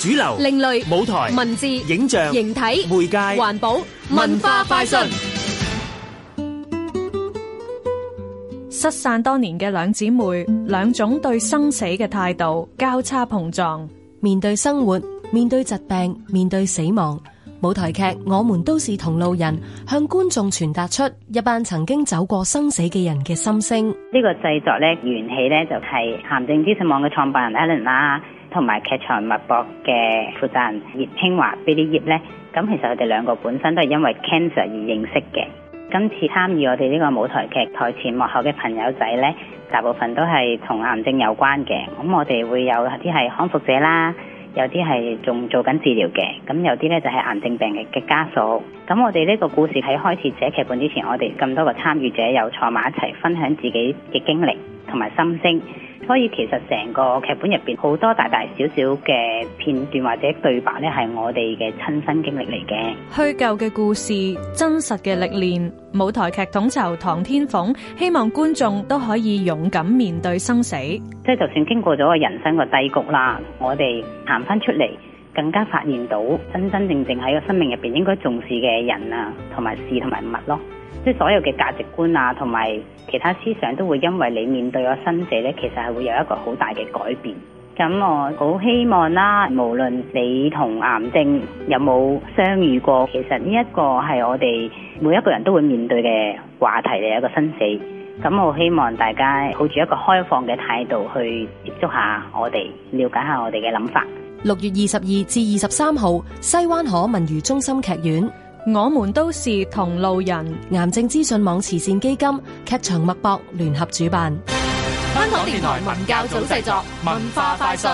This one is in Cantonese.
主流、另類、舞台、文字、影像、形體、媒介、環保、文化快訊。失散多年嘅兩姊妹，兩種對生死嘅態度交叉碰撞。面對生活，面對疾病，面對死亡。舞台劇《我們都是同路人》向觀眾傳達出一班曾經走過生死嘅人嘅心聲。呢個製作咧，緣起咧就係行政資訊網嘅創辦人 Alan 啦。同埋劇場脈搏嘅負責人葉清華 Billy 葉咧，咁其實佢哋兩個本身都係因為 cancer 而認識嘅。今次參與我哋呢個舞台劇台前幕後嘅朋友仔咧，大部分都係同癌症有關嘅。咁我哋會有啲係康復者啦，有啲係仲做緊治療嘅，咁有啲咧就係、是、癌症病嘅嘅家屬。咁我哋呢個故事喺開始寫劇本之前，我哋咁多個參與者又坐埋一齊分享自己嘅經歷同埋心聲。所以其實成個劇本入邊好多大大小小嘅片段或者對白咧，係我哋嘅親身經歷嚟嘅。虛構嘅故事，真實嘅歷練，舞台劇統籌唐天鳳希望觀眾都可以勇敢面對生死。即係就算經過咗個人生個低谷啦，我哋行翻出嚟，更加發現到真真正正喺個生命入邊應該重視嘅人啊，同埋事同埋物咯。即所有嘅價值觀啊，同埋其他思想都會因為你面對咗生死呢，其實係會有一個好大嘅改變。咁我好希望啦，無論你同癌症有冇相遇過，其實呢一個係我哋每一個人都會面對嘅話題嘅一個生死。咁我希望大家抱住一個開放嘅態度去接觸下我哋，了解下我哋嘅諗法。六月二十二至二十三號，西灣河文娛中心劇院。我們都是同路人，癌症資訊網慈善基金劇場脈搏聯合主辦。香港電台文教組製作文化快訊。